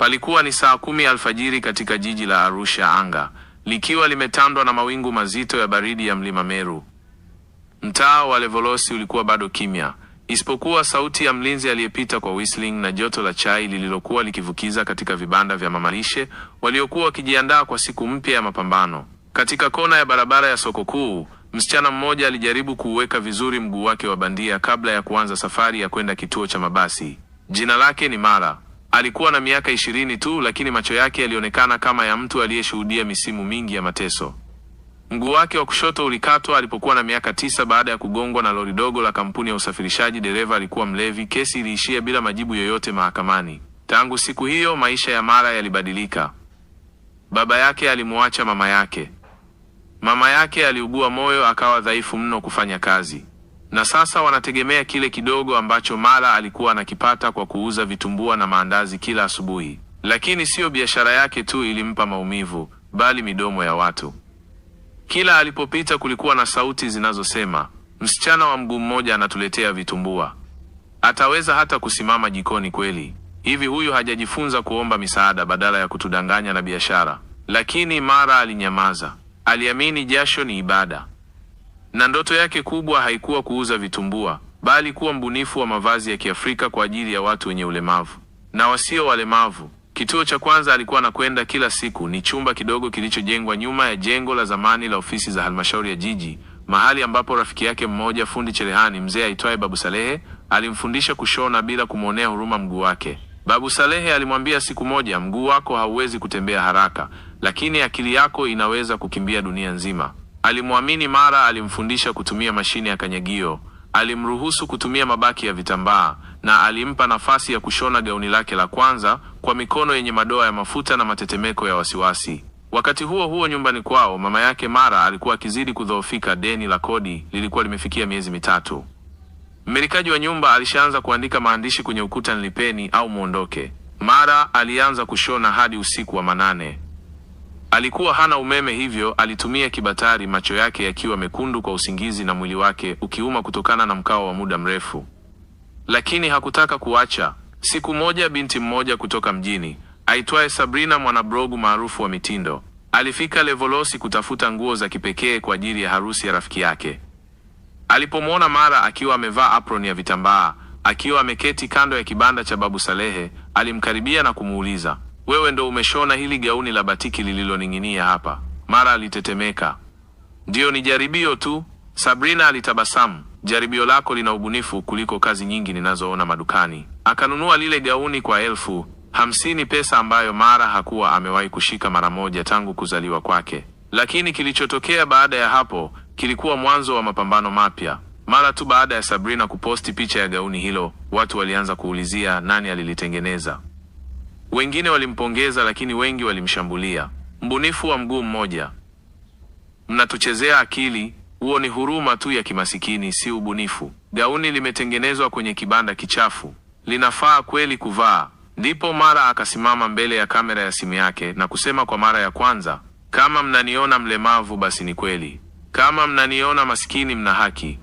Palikuwa ni saa kumi alfajiri katika jiji la Arusha, anga likiwa limetandwa na mawingu mazito ya baridi ya mlima Meru. Mtaa wa Levolosi ulikuwa bado kimya, isipokuwa sauti ya mlinzi aliyepita kwa whistling na joto la chai lililokuwa likivukiza katika vibanda vya mamalishe waliokuwa wakijiandaa kwa siku mpya ya mapambano. Katika kona ya barabara ya soko kuu, msichana mmoja alijaribu kuuweka vizuri mguu wake wa bandia kabla ya kuanza safari ya kwenda kituo cha mabasi. Jina lake ni Mara. Alikuwa na miaka ishirini tu, lakini macho yake yalionekana kama ya mtu aliyeshuhudia misimu mingi ya mateso. Mguu wake wa kushoto ulikatwa alipokuwa na miaka tisa baada ya kugongwa na lori dogo la kampuni ya usafirishaji. Dereva alikuwa mlevi. Kesi iliishia bila majibu yoyote mahakamani. Tangu siku hiyo, maisha ya Mara yalibadilika. Baba yake alimuacha mama yake. Mama yake aliugua moyo, akawa dhaifu mno kufanya kazi na sasa wanategemea kile kidogo ambacho Mala alikuwa anakipata kwa kuuza vitumbua na maandazi kila asubuhi. Lakini siyo biashara yake tu ilimpa maumivu, bali midomo ya watu. Kila alipopita kulikuwa na sauti zinazosema, msichana wa mguu mmoja anatuletea vitumbua, ataweza hata kusimama jikoni kweli? Hivi huyu hajajifunza kuomba misaada badala ya kutudanganya na biashara? Lakini Mara alinyamaza, aliamini jasho ni ibada na ndoto yake kubwa haikuwa kuuza vitumbua, bali kuwa mbunifu wa mavazi ya Kiafrika kwa ajili ya watu wenye ulemavu na wasio walemavu. Kituo cha kwanza alikuwa anakwenda kila siku ni chumba kidogo kilichojengwa nyuma ya jengo la zamani la ofisi za halmashauri ya jiji, mahali ambapo rafiki yake mmoja fundi cherehani mzee aitwaye Babu Salehe alimfundisha kushona bila kumwonea huruma mguu wake. Babu Salehe alimwambia siku moja, mguu wako hauwezi kutembea haraka, lakini akili yako inaweza kukimbia dunia nzima. Alimwamini mara alimfundisha kutumia mashine ya kanyagio, alimruhusu kutumia mabaki ya vitambaa na alimpa nafasi ya kushona gauni lake la kwanza kwa mikono yenye madoa ya mafuta na matetemeko ya wasiwasi. Wakati huo huo, nyumbani kwao, mama yake Mara alikuwa akizidi kudhoofika. Deni la kodi lilikuwa limefikia miezi mitatu. Mmilikaji wa nyumba alishaanza kuandika maandishi kwenye ukuta, nilipeni au muondoke. Mara alianza kushona hadi usiku wa manane. Alikuwa hana umeme, hivyo alitumia kibatari, macho yake yakiwa mekundu kwa usingizi na mwili wake ukiuma kutokana na mkao wa muda mrefu, lakini hakutaka kuacha. Siku moja binti mmoja kutoka mjini aitwaye Sabrina, mwanablogu maarufu wa mitindo, alifika Levolosi kutafuta nguo za kipekee kwa ajili ya harusi ya rafiki yake. Alipomwona Mara akiwa amevaa apron ya vitambaa, akiwa ameketi kando ya kibanda cha Babu Salehe, alimkaribia na kumuuliza wewe ndo umeshona hili gauni la batiki lililoning'inia hapa. Mara alitetemeka. Ndiyo, ni jaribio tu. Sabrina alitabasamu. Jaribio lako lina ubunifu kuliko kazi nyingi ninazoona madukani. Akanunua lile gauni kwa elfu hamsini, pesa ambayo Mara hakuwa amewahi kushika mara moja tangu kuzaliwa kwake. Lakini kilichotokea baada ya hapo kilikuwa mwanzo wa mapambano mapya. Mara tu baada ya Sabrina kuposti picha ya gauni hilo, watu walianza kuulizia nani alilitengeneza. Wengine walimpongeza, lakini wengi walimshambulia. Mbunifu wa mguu mmoja, mnatuchezea akili. Huo ni huruma tu ya kimasikini, si ubunifu. Gauni limetengenezwa kwenye kibanda kichafu, linafaa kweli kuvaa? Ndipo mara akasimama mbele ya kamera ya simu yake na kusema kwa mara ya kwanza, kama mnaniona mlemavu basi ni kweli, kama mnaniona masikini mna haki,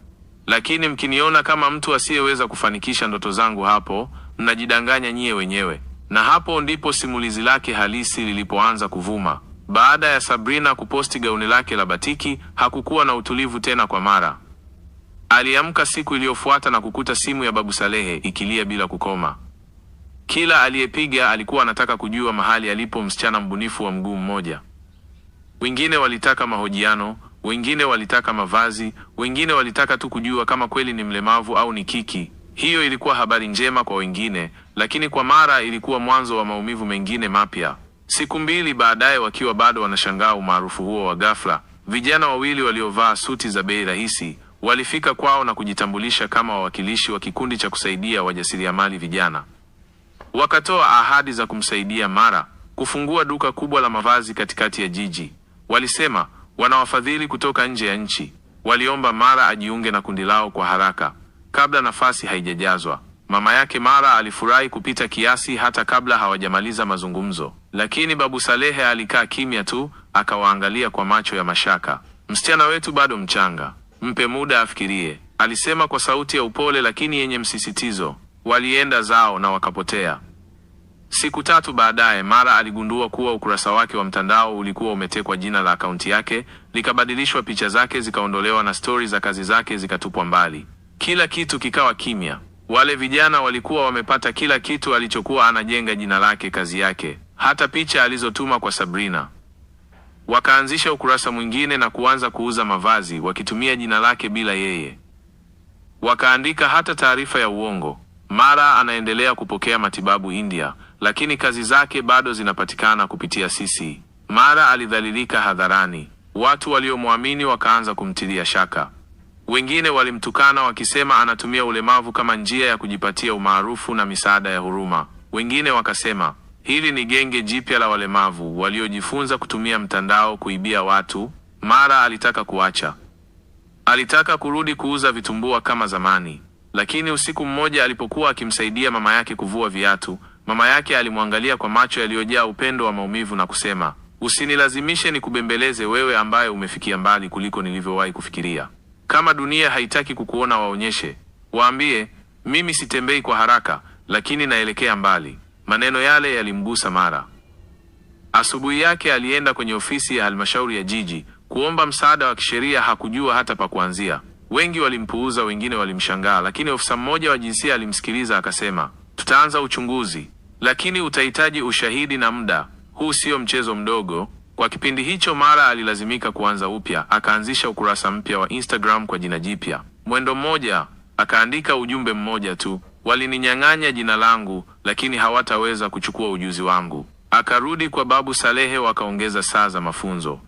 lakini mkiniona kama mtu asiyeweza kufanikisha ndoto zangu, hapo mnajidanganya nyie wenyewe. Na hapo ndipo simulizi lake halisi lilipoanza kuvuma. Baada ya Sabrina kuposti gauni lake la batiki, hakukuwa na utulivu tena kwa Mara. Aliamka siku iliyofuata na kukuta simu ya Babu Salehe ikilia bila kukoma. Kila aliyepiga alikuwa anataka kujua mahali alipo msichana mbunifu wa mguu mmoja. Wengine walitaka mahojiano, wengine walitaka mavazi, wengine walitaka tu kujua kama kweli ni mlemavu au ni kiki. Hiyo ilikuwa habari njema kwa wengine, lakini kwa Mara ilikuwa mwanzo wa maumivu mengine mapya. Siku mbili baadaye, wakiwa bado wanashangaa umaarufu huo wa ghafla, vijana wawili waliovaa suti za bei rahisi walifika kwao na kujitambulisha kama wawakilishi wa kikundi cha kusaidia wajasiriamali vijana. Wakatoa ahadi za kumsaidia Mara kufungua duka kubwa la mavazi katikati ya jiji. Walisema wanawafadhili kutoka nje ya nchi. Waliomba Mara ajiunge na kundi lao kwa haraka kabla nafasi haijajazwa. Mama yake Mara alifurahi kupita kiasi hata kabla hawajamaliza mazungumzo, lakini Babu Salehe alikaa kimya tu, akawaangalia kwa macho ya mashaka. Msichana wetu bado mchanga, mpe muda afikirie, alisema kwa sauti ya upole lakini yenye msisitizo. Walienda zao na wakapotea. Siku tatu baadaye, Mara aligundua kuwa ukurasa wake wa mtandao ulikuwa umetekwa. Jina la akaunti yake likabadilishwa, picha zake zikaondolewa na stori za kazi zake zikatupwa mbali. Kila kitu kikawa kimya. Wale vijana walikuwa wamepata kila kitu alichokuwa anajenga, jina lake, kazi yake, hata picha alizotuma kwa Sabrina. Wakaanzisha ukurasa mwingine na kuanza kuuza mavazi wakitumia jina lake bila yeye. Wakaandika hata taarifa ya uongo. Mara anaendelea kupokea matibabu India, lakini kazi zake bado zinapatikana kupitia sisi. Mara alidhalilika hadharani, watu waliomwamini wakaanza kumtilia shaka. Wengine walimtukana wakisema anatumia ulemavu kama njia ya kujipatia umaarufu na misaada ya huruma. Wengine wakasema hili ni genge jipya la walemavu waliojifunza kutumia mtandao kuibia watu. Mara alitaka kuacha, alitaka kurudi kuuza vitumbua kama zamani. Lakini usiku mmoja alipokuwa akimsaidia mama yake kuvua viatu, mama yake alimwangalia kwa macho yaliyojaa upendo wa maumivu na kusema, usinilazimishe nikubembeleze wewe ambaye umefikia mbali kuliko nilivyowahi kufikiria. Kama dunia haitaki kukuona, waonyeshe, waambie, mimi sitembei kwa haraka, lakini naelekea mbali. Maneno yale yalimgusa mara. Asubuhi yake alienda kwenye ofisi ya halmashauri ya jiji kuomba msaada wa kisheria. Hakujua hata pa kuanzia. Wengi walimpuuza, wengine walimshangaa, lakini ofisa mmoja wa jinsia alimsikiliza akasema, tutaanza uchunguzi, lakini utahitaji ushahidi na muda. Huu sio mchezo mdogo. Kwa kipindi hicho mara alilazimika kuanza upya, akaanzisha ukurasa mpya wa Instagram kwa jina jipya. Mwendo mmoja akaandika ujumbe mmoja tu, walininyang'anya jina langu, lakini hawataweza kuchukua ujuzi wangu. Akarudi kwa Babu Salehe, wakaongeza saa za mafunzo.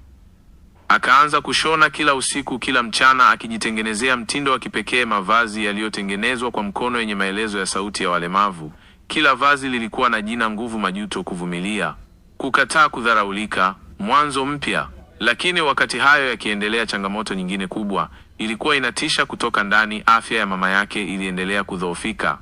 Akaanza kushona kila usiku, kila mchana, akijitengenezea mtindo wa kipekee, mavazi yaliyotengenezwa kwa mkono yenye maelezo ya sauti ya walemavu. Kila vazi lilikuwa na jina: nguvu, majuto, kuvumilia, kukataa kudharaulika mwanzo mpya. Lakini wakati hayo yakiendelea, changamoto nyingine kubwa ilikuwa inatisha kutoka ndani. Afya ya mama yake iliendelea kudhoofika.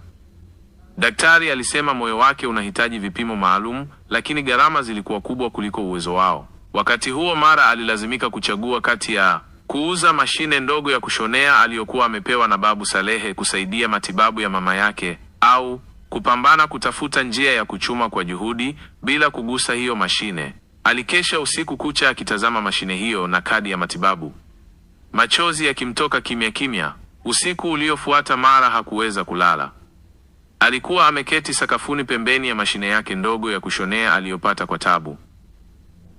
Daktari alisema moyo wake unahitaji vipimo maalum, lakini gharama zilikuwa kubwa kuliko uwezo wao. Wakati huo, Mara alilazimika kuchagua kati ya kuuza mashine ndogo ya kushonea aliyokuwa amepewa na Babu Salehe kusaidia matibabu ya mama yake au kupambana kutafuta njia ya kuchuma kwa juhudi bila kugusa hiyo mashine. Alikesha usiku kucha akitazama mashine hiyo na kadi ya matibabu, machozi yakimtoka kimya kimya. Usiku uliofuata Mara hakuweza kulala. Alikuwa ameketi sakafuni pembeni ya mashine yake ndogo ya kushonea aliyopata kwa tabu.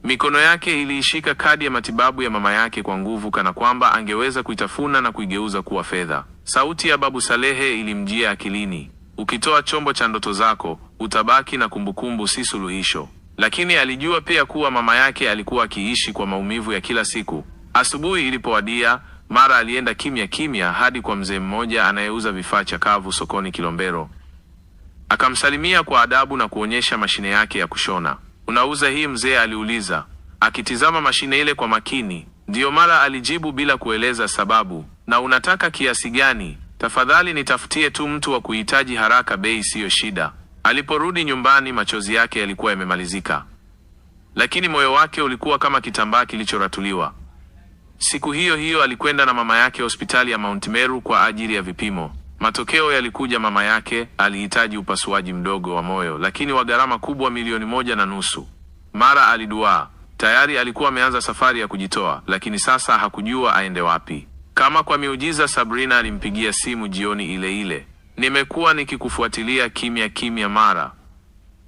Mikono yake iliishika kadi ya matibabu ya mama yake kwa nguvu, kana kwamba angeweza kuitafuna na kuigeuza kuwa fedha. Sauti ya Babu Salehe ilimjia akilini, ukitoa chombo cha ndoto zako utabaki na kumbukumbu, si suluhisho lakini alijua pia kuwa mama yake alikuwa akiishi kwa maumivu ya kila siku. Asubuhi ilipowadia, Mara alienda kimya kimya hadi kwa mzee mmoja anayeuza vifaa chakavu sokoni Kilombero. Akamsalimia kwa adabu na kuonyesha mashine yake ya kushona. Unauza hii mzee? aliuliza akitizama mashine ile kwa makini. Ndiyo, Mara alijibu bila kueleza sababu. Na unataka kiasi gani? Tafadhali nitafutie tu mtu wa kuhitaji haraka, bei siyo shida. Aliporudi nyumbani, machozi yake yalikuwa yamemalizika, lakini moyo wake ulikuwa kama kitambaa kilichoratuliwa. Siku hiyo hiyo alikwenda na mama yake hospitali ya Mount Meru kwa ajili ya vipimo. Matokeo yalikuja, mama yake alihitaji upasuaji mdogo wa moyo, lakini wa gharama kubwa, milioni moja na nusu. Mara aliduaa. Tayari alikuwa ameanza safari ya kujitoa, lakini sasa hakujua aende wapi. Kama kwa miujiza, Sabrina alimpigia simu jioni ile ile. Nimekuwa nikikufuatilia kimya kimya, mara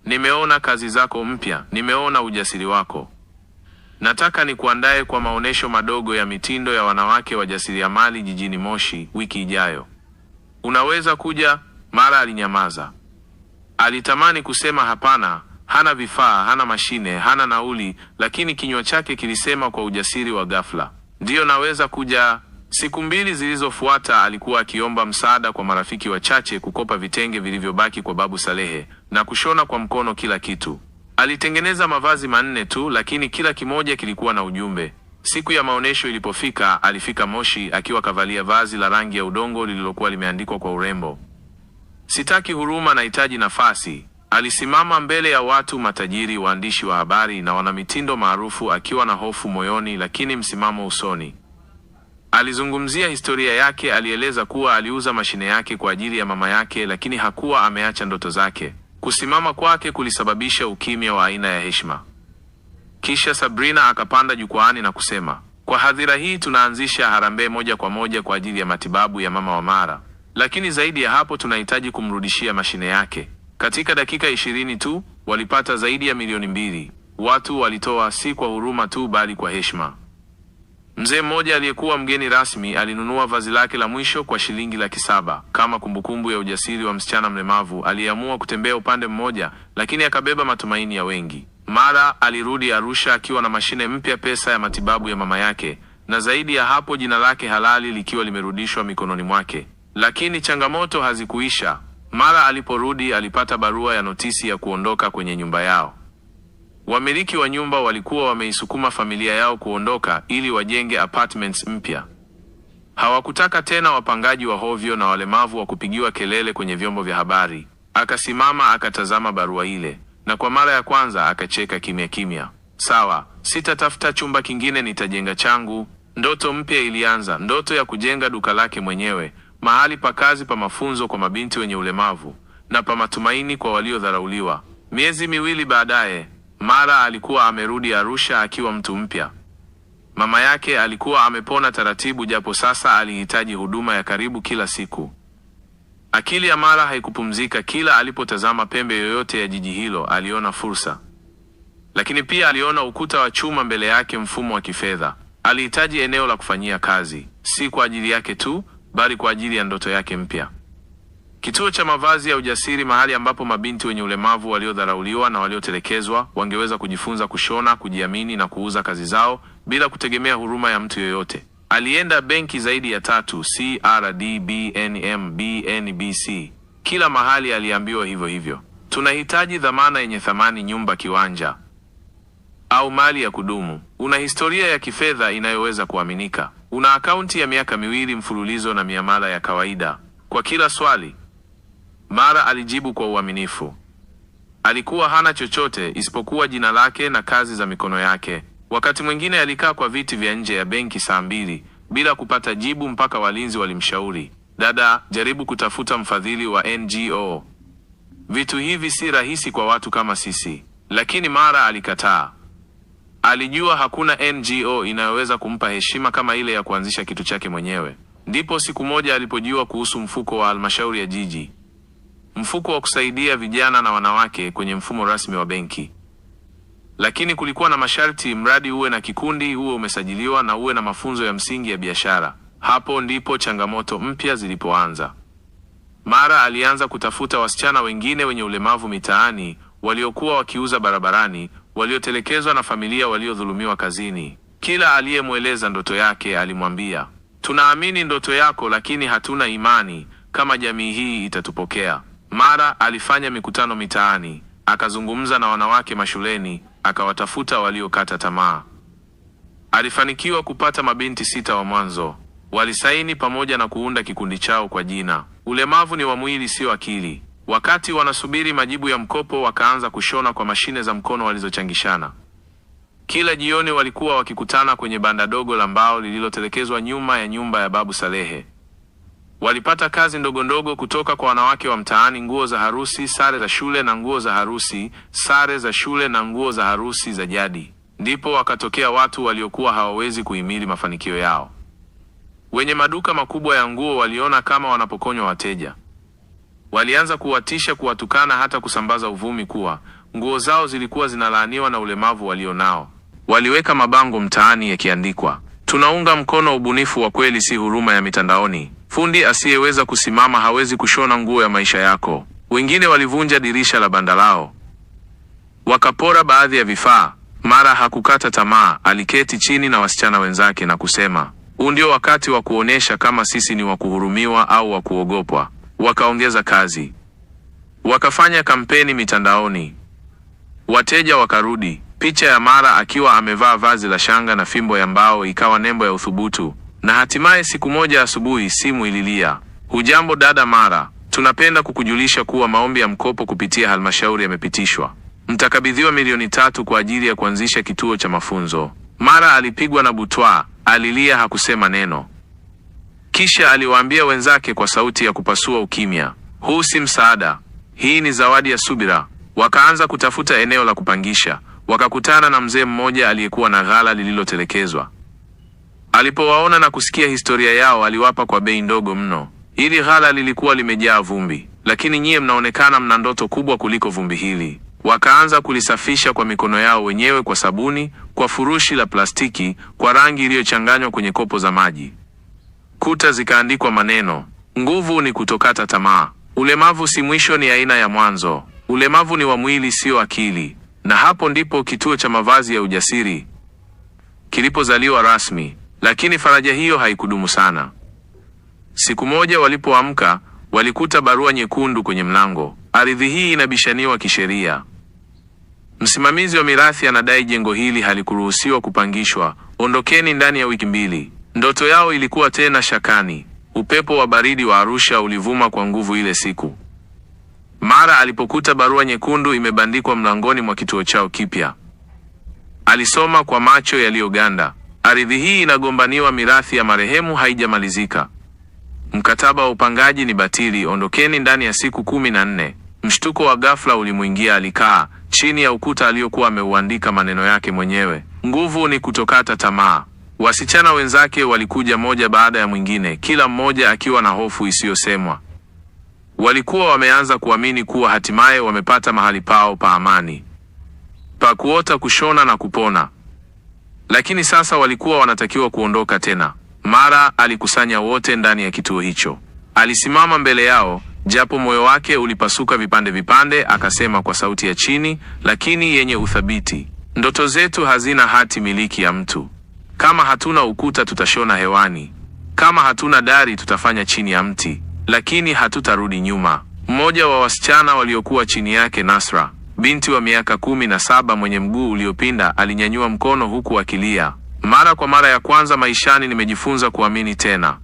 nimeona kazi zako mpya, nimeona ujasiri wako. Nataka nikuandae kwa maonyesho madogo ya mitindo ya wanawake wajasiriamali jijini Moshi wiki ijayo, unaweza kuja? Mara alinyamaza, alitamani kusema hapana, hana vifaa, hana mashine, hana nauli, lakini kinywa chake kilisema kwa ujasiri wa ghafla, ndiyo, naweza kuja. Siku mbili zilizofuata alikuwa akiomba msaada kwa marafiki wachache kukopa vitenge vilivyobaki kwa Babu Salehe na kushona kwa mkono kila kitu. Alitengeneza mavazi manne tu, lakini kila kimoja kilikuwa na ujumbe. Siku ya maonyesho ilipofika, alifika Moshi akiwa kavalia vazi la rangi ya udongo lililokuwa limeandikwa kwa urembo, sitaki huruma, nahitaji nafasi. Alisimama mbele ya watu matajiri, waandishi wa habari na wanamitindo maarufu, akiwa na hofu moyoni, lakini msimamo usoni. Alizungumzia historia yake, alieleza kuwa aliuza mashine yake kwa ajili ya mama yake, lakini hakuwa ameacha ndoto zake. Kusimama kwake kulisababisha ukimya wa aina ya heshima. Kisha Sabrina akapanda jukwaani na kusema, kwa hadhira hii tunaanzisha harambee moja kwa moja kwa ajili ya matibabu ya mama wa Mara, lakini zaidi ya hapo tunahitaji kumrudishia mashine yake. Katika dakika ishirini tu walipata zaidi ya milioni mbili. Watu walitoa si kwa huruma tu, bali kwa heshima. Mzee mmoja aliyekuwa mgeni rasmi alinunua vazi lake la mwisho kwa shilingi laki saba kama kumbukumbu ya ujasiri wa msichana mlemavu aliyeamua kutembea upande mmoja, lakini akabeba matumaini ya wengi. Mara alirudi Arusha akiwa na mashine mpya, pesa ya matibabu ya mama yake, na zaidi ya hapo, jina lake halali likiwa limerudishwa mikononi mwake. Lakini changamoto hazikuisha. Mara aliporudi alipata barua ya notisi ya kuondoka kwenye nyumba yao. Wamiliki wa nyumba walikuwa wameisukuma familia yao kuondoka ili wajenge apartments mpya. Hawakutaka tena wapangaji wa hovyo na walemavu wa kupigiwa kelele kwenye vyombo vya habari. Akasimama akatazama barua ile, na kwa mara ya kwanza akacheka kimya kimya. Sawa, sitatafuta chumba kingine, nitajenga changu. Ndoto mpya ilianza, ndoto ya kujenga duka lake mwenyewe, mahali pa kazi, pa mafunzo kwa mabinti wenye ulemavu na pa matumaini kwa waliodharauliwa. Miezi miwili baadaye mara alikuwa amerudi Arusha akiwa mtu mpya. Mama yake alikuwa amepona taratibu, japo sasa alihitaji huduma ya karibu kila siku. Akili ya Mara haikupumzika. Kila alipotazama pembe yoyote ya jiji hilo aliona fursa, lakini pia aliona ukuta wa chuma mbele yake, mfumo wa kifedha. Alihitaji eneo la kufanyia kazi, si kwa ajili yake tu, bali kwa ajili ya ndoto yake mpya. Kituo cha mavazi ya ujasiri, mahali ambapo mabinti wenye ulemavu waliodharauliwa na waliotelekezwa wangeweza kujifunza kushona, kujiamini na kuuza kazi zao bila kutegemea huruma ya mtu yoyote. Alienda benki zaidi ya tatu, crdbnmbnbc Kila mahali aliambiwa hivyo hivyo, tunahitaji dhamana yenye thamani, nyumba, kiwanja au mali ya kudumu. Una historia ya kifedha inayoweza kuaminika. Una akaunti ya miaka miwili mfululizo na miamala ya kawaida kwa kila swali. Mara alijibu kwa uaminifu. Alikuwa hana chochote isipokuwa jina lake na kazi za mikono yake. Wakati mwingine alikaa kwa viti vya nje ya benki saa mbili bila kupata jibu mpaka walinzi walimshauri, dada, jaribu kutafuta mfadhili wa NGO. Vitu hivi si rahisi kwa watu kama sisi, lakini Mara alikataa. Alijua hakuna NGO inayoweza kumpa heshima kama ile ya kuanzisha kitu chake mwenyewe. Ndipo siku moja alipojua kuhusu mfuko wa halmashauri ya jiji mfuko wa kusaidia vijana na wanawake kwenye mfumo rasmi wa benki, lakini kulikuwa na masharti: mradi uwe na kikundi, uwe umesajiliwa na uwe na mafunzo ya msingi ya biashara. Hapo ndipo changamoto mpya zilipoanza. Mara alianza kutafuta wasichana wengine wenye ulemavu mitaani, waliokuwa wakiuza barabarani, waliotelekezwa na familia, waliodhulumiwa kazini. Kila aliyemweleza ndoto yake alimwambia, tunaamini ndoto yako, lakini hatuna imani kama jamii hii itatupokea. Mara alifanya mikutano mitaani, akazungumza na wanawake mashuleni, akawatafuta waliokata tamaa. Alifanikiwa kupata mabinti sita wa mwanzo, walisaini pamoja na kuunda kikundi chao kwa jina Ulemavu ni wa Mwili Sio Akili. Wakati wanasubiri majibu ya mkopo, wakaanza kushona kwa mashine za mkono walizochangishana. Kila jioni walikuwa wakikutana kwenye banda dogo la mbao lililotelekezwa nyuma ya nyumba ya Babu Salehe. Walipata kazi ndogo ndogo kutoka kwa wanawake wa mtaani: nguo za harusi, sare za shule na nguo za harusi, sare za shule na nguo za harusi za jadi. Ndipo wakatokea watu waliokuwa hawawezi kuhimili mafanikio yao. Wenye maduka makubwa ya nguo waliona kama wanapokonywa wateja, walianza kuwatisha, kuwatukana, hata kusambaza uvumi kuwa nguo zao zilikuwa zinalaaniwa na ulemavu walionao. Waliweka mabango mtaani yakiandikwa, tunaunga mkono ubunifu wa kweli, si huruma ya mitandaoni. Fundi asiyeweza kusimama hawezi kushona nguo ya maisha yako. Wengine walivunja dirisha la banda lao, wakapora baadhi ya vifaa. Mara hakukata tamaa, aliketi chini na wasichana wenzake na kusema, huu ndio wakati wa kuonyesha kama sisi ni wa kuhurumiwa au wa kuogopwa. Wakaongeza kazi, wakafanya kampeni mitandaoni, wateja wakarudi. Picha ya Mara akiwa amevaa vazi la shanga na fimbo ya mbao ikawa nembo ya uthubutu. Na hatimaye siku moja asubuhi, simu ililia. Hujambo dada Mara, tunapenda kukujulisha kuwa maombi ya mkopo kupitia halmashauri yamepitishwa. Mtakabidhiwa milioni tatu kwa ajili ya kuanzisha kituo cha mafunzo. Mara alipigwa na butwa, alilia, hakusema neno. Kisha aliwaambia wenzake kwa sauti ya kupasua ukimya, huu si msaada, hii ni zawadi ya subira. Wakaanza kutafuta eneo la kupangisha, wakakutana na mzee mmoja aliyekuwa na ghala lililotelekezwa. Alipowaona na kusikia historia yao, aliwapa kwa bei ndogo mno. Hili ghala lilikuwa limejaa vumbi, lakini nyiye mnaonekana mna ndoto kubwa kuliko vumbi hili. Wakaanza kulisafisha kwa mikono yao wenyewe, kwa sabuni, kwa furushi la plastiki, kwa rangi iliyochanganywa kwenye kopo za maji. Kuta zikaandikwa maneno: nguvu ni kutokata tamaa, ulemavu si mwisho, ni aina ya mwanzo, ulemavu ni wa mwili, siyo akili. Na hapo ndipo kituo cha mavazi ya ujasiri kilipozaliwa rasmi. Lakini faraja hiyo haikudumu sana. Siku moja walipoamka, walikuta barua nyekundu kwenye mlango. Ardhi hii inabishaniwa kisheria. Msimamizi wa mirathi anadai jengo hili halikuruhusiwa kupangishwa. Ondokeni ndani ya wiki mbili. Ndoto yao ilikuwa tena shakani. Upepo wa baridi wa Arusha ulivuma kwa nguvu ile siku. Mara alipokuta barua nyekundu imebandikwa mlangoni mwa kituo chao kipya, alisoma kwa macho yaliyoganda. Ardhi hii inagombaniwa, mirathi ya marehemu haijamalizika. Mkataba wa upangaji ni batili, ondokeni ndani ya siku kumi na nne. Mshtuko wa ghafla ulimwingia. Alikaa chini ya ukuta aliyokuwa ameuandika maneno yake mwenyewe. Nguvu ni kutokata tamaa. Wasichana wenzake walikuja moja baada ya mwingine, kila mmoja akiwa na hofu isiyosemwa. Walikuwa wameanza kuamini kuwa hatimaye wamepata mahali pao pa amani pa kuota, kushona na kupona lakini sasa walikuwa wanatakiwa kuondoka tena. Mara alikusanya wote ndani ya kituo hicho. Alisimama mbele yao, japo moyo wake ulipasuka vipande vipande, akasema kwa sauti ya chini lakini yenye uthabiti, ndoto zetu hazina hati miliki ya mtu. Kama hatuna ukuta, tutashona hewani. Kama hatuna dari, tutafanya chini ya mti, lakini hatutarudi nyuma. Mmoja wa wasichana waliokuwa chini yake, Nasra binti wa miaka kumi na saba mwenye mguu uliopinda alinyanyua mkono huku akilia. Mara kwa mara ya kwanza maishani nimejifunza kuamini tena.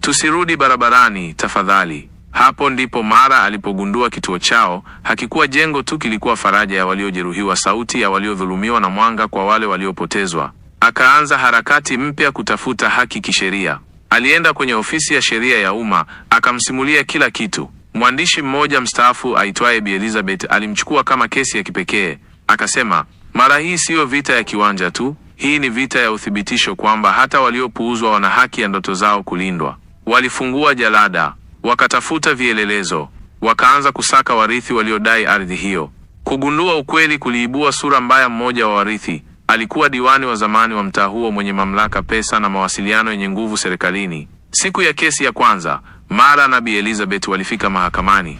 Tusirudi barabarani tafadhali. Hapo ndipo mara alipogundua kituo chao hakikuwa jengo tu, kilikuwa faraja ya waliojeruhiwa, sauti ya waliodhulumiwa na mwanga kwa wale waliopotezwa. Akaanza harakati mpya kutafuta haki kisheria. Alienda kwenye ofisi ya sheria ya umma, akamsimulia kila kitu. Mwandishi mmoja mstaafu aitwaye Bi Elizabeth alimchukua kama kesi ya kipekee, akasema, mara hii siyo vita ya kiwanja tu, hii ni vita ya uthibitisho kwamba hata waliopuuzwa wana haki ya ndoto zao kulindwa. Walifungua jalada, wakatafuta vielelezo, wakaanza kusaka warithi waliodai ardhi hiyo. Kugundua ukweli kuliibua sura mbaya. Mmoja wa warithi alikuwa diwani wa zamani wa mtaa huo mwenye mamlaka, pesa na mawasiliano yenye nguvu serikalini. Siku ya kesi ya kwanza mara na Elizabeth walifika mahakamani.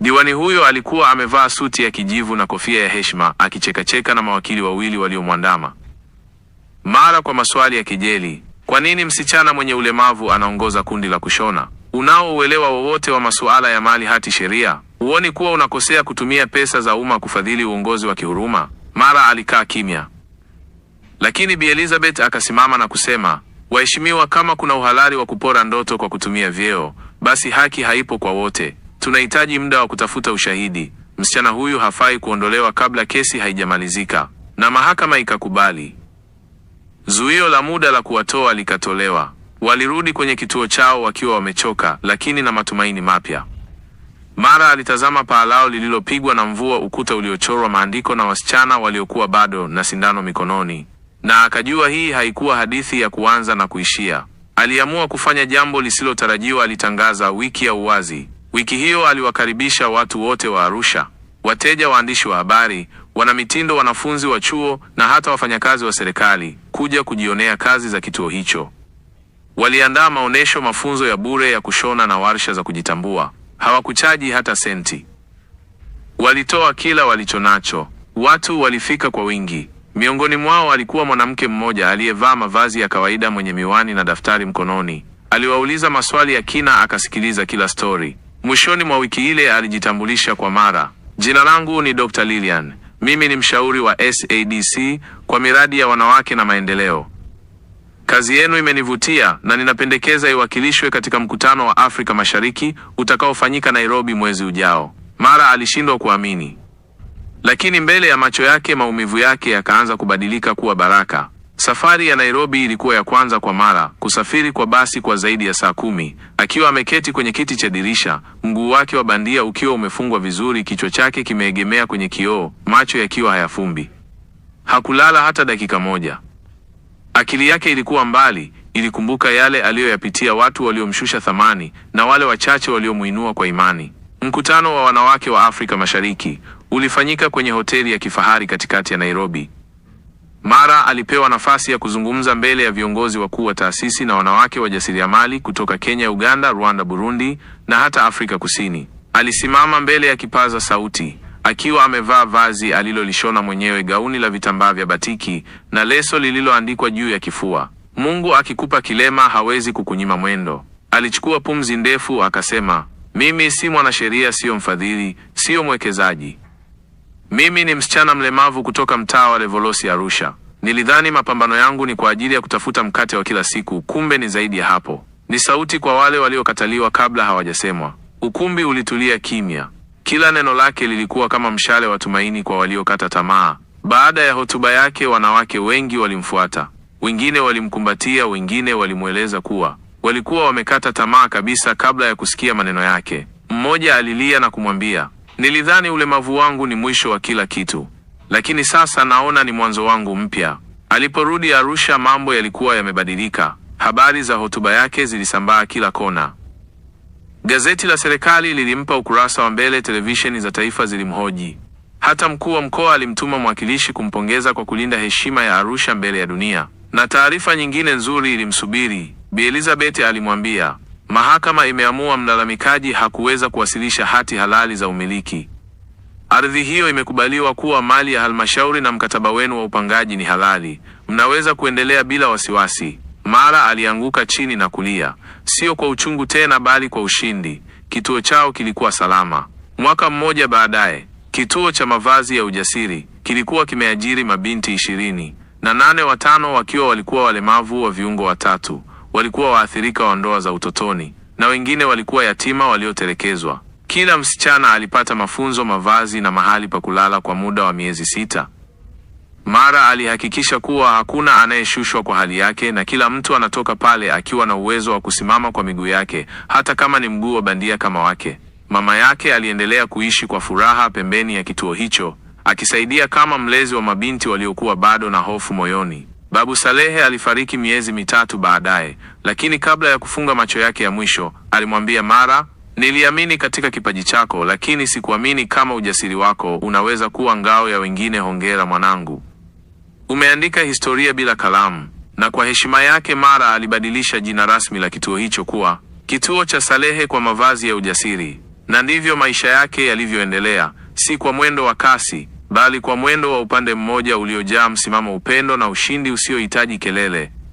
Diwani huyo alikuwa amevaa suti ya kijivu na kofia ya heshima, akichekacheka na mawakili wawili waliomwandama. Mara kwa maswali ya kejeli, kwa nini msichana mwenye ulemavu anaongoza kundi la kushona? Unao uelewa wowote wa masuala ya mali hati sheria? Huoni kuwa unakosea kutumia pesa za umma kufadhili uongozi wa kihuruma? Mara alikaa kimya, lakini Bi Elizabeth akasimama na kusema Waheshimiwa, kama kuna uhalali wa kupora ndoto kwa kutumia vyeo, basi haki haipo kwa wote. Tunahitaji muda wa kutafuta ushahidi. Msichana huyu hafai kuondolewa kabla kesi haijamalizika, na mahakama ikakubali. Zuio la muda la kuwatoa likatolewa. Walirudi kwenye kituo chao wakiwa wamechoka, lakini na matumaini mapya. Mara alitazama paa lao lililopigwa na mvua, ukuta uliochorwa maandiko na wasichana waliokuwa bado na sindano mikononi na akajua hii haikuwa hadithi ya kuanza na kuishia. Aliamua kufanya jambo lisilotarajiwa. Alitangaza wiki ya uwazi. Wiki hiyo aliwakaribisha watu wote wa Arusha, wateja, waandishi wa habari, wanamitindo, wanafunzi wa chuo na hata wafanyakazi wa serikali kuja kujionea kazi za kituo hicho. Waliandaa maonesho, mafunzo ya bure ya kushona na warsha za kujitambua. Hawakuchaji hata senti, walitoa kila walichonacho. Watu walifika kwa wingi. Miongoni mwao alikuwa mwanamke mmoja aliyevaa mavazi ya kawaida mwenye miwani na daftari mkononi. Aliwauliza maswali ya kina, akasikiliza kila stori. Mwishoni mwa wiki ile alijitambulisha kwa Mara, jina langu ni Dr. Lilian, mimi ni mshauri wa SADC kwa miradi ya wanawake na maendeleo. Kazi yenu imenivutia na ninapendekeza iwakilishwe katika mkutano wa Afrika Mashariki utakaofanyika Nairobi mwezi ujao. Mara alishindwa kuamini. Lakini mbele ya macho yake maumivu yake yakaanza kubadilika kuwa baraka. Safari ya Nairobi ilikuwa ya kwanza kwa Mara kusafiri kwa basi kwa zaidi ya saa kumi, akiwa ameketi kwenye kiti cha dirisha, mguu wake wa bandia ukiwa umefungwa vizuri, kichwa chake kimeegemea kwenye kioo, macho yakiwa hayafumbi. Hakulala hata dakika moja. Akili yake ilikuwa mbali, ilikumbuka yale aliyoyapitia, watu waliomshusha thamani na wale wachache waliomuinua kwa imani. Mkutano wa wanawake wa Afrika Mashariki, ulifanyika kwenye hoteli ya kifahari katikati ya Nairobi. Mara alipewa nafasi ya kuzungumza mbele ya viongozi wakuu wa taasisi na wanawake wajasiriamali kutoka Kenya, Uganda, Rwanda, Burundi na hata Afrika Kusini. Alisimama mbele ya kipaza sauti akiwa amevaa vazi alilolishona mwenyewe, gauni la vitambaa vya batiki na leso lililoandikwa juu ya kifua, Mungu akikupa kilema hawezi kukunyima mwendo. Alichukua pumzi ndefu akasema, mimi si mwanasheria, siyo mfadhili, siyo mwekezaji mimi ni msichana mlemavu kutoka mtaa wa Levolosi Arusha. Nilidhani mapambano yangu ni kwa ajili ya kutafuta mkate wa kila siku, kumbe ni zaidi ya hapo. Ni sauti kwa wale waliokataliwa kabla hawajasemwa. Ukumbi ulitulia kimya, kila neno lake lilikuwa kama mshale wa tumaini kwa waliokata tamaa. Baada ya hotuba yake, wanawake wengi walimfuata, wengine walimkumbatia, wengine walimweleza kuwa walikuwa wamekata tamaa kabisa kabla ya kusikia maneno yake. Mmoja alilia na kumwambia Nilidhani ulemavu wangu ni mwisho wa kila kitu, lakini sasa naona ni mwanzo wangu mpya. Aliporudi Arusha, mambo yalikuwa yamebadilika. Habari za hotuba yake zilisambaa kila kona. Gazeti la serikali lilimpa ukurasa wa mbele, televisheni za taifa zilimhoji. Hata mkuu wa mkoa alimtuma mwakilishi kumpongeza kwa kulinda heshima ya Arusha mbele ya dunia, na taarifa nyingine nzuri ilimsubiri. Bi Elizabeth alimwambia Mahakama imeamua mlalamikaji hakuweza kuwasilisha hati halali za umiliki. Ardhi hiyo imekubaliwa kuwa mali ya halmashauri na mkataba wenu wa upangaji ni halali. Mnaweza kuendelea bila wasiwasi. Mara alianguka chini na kulia, sio kwa uchungu tena, bali kwa ushindi. Kituo chao kilikuwa salama. Mwaka mmoja baadaye, kituo cha mavazi ya ujasiri kilikuwa kimeajiri mabinti ishirini na nane, watano wakiwa walikuwa walemavu wa viungo watatu walikuwa waathirika wa ndoa za utotoni na wengine walikuwa yatima waliotelekezwa. Kila msichana alipata mafunzo, mavazi na mahali pa kulala kwa muda wa miezi sita. Mara alihakikisha kuwa hakuna anayeshushwa kwa hali yake na kila mtu anatoka pale akiwa na uwezo wa kusimama kwa miguu yake, hata kama ni mguu wa bandia kama wake. Mama yake aliendelea kuishi kwa furaha pembeni ya kituo hicho, akisaidia kama mlezi wa mabinti waliokuwa bado na hofu moyoni. Babu Salehe alifariki miezi mitatu baadaye, lakini kabla ya kufunga macho yake ya mwisho alimwambia Mara, niliamini katika kipaji chako, lakini sikuamini kama ujasiri wako unaweza kuwa ngao ya wengine. Hongera mwanangu, umeandika historia bila kalamu. Na kwa heshima yake Mara alibadilisha jina rasmi la kituo hicho kuwa Kituo cha Salehe kwa Mavazi ya Ujasiri, na ndivyo maisha yake yalivyoendelea, si kwa mwendo wa kasi bali kwa mwendo wa upande mmoja uliojaa msimamo, upendo na ushindi usiohitaji kelele.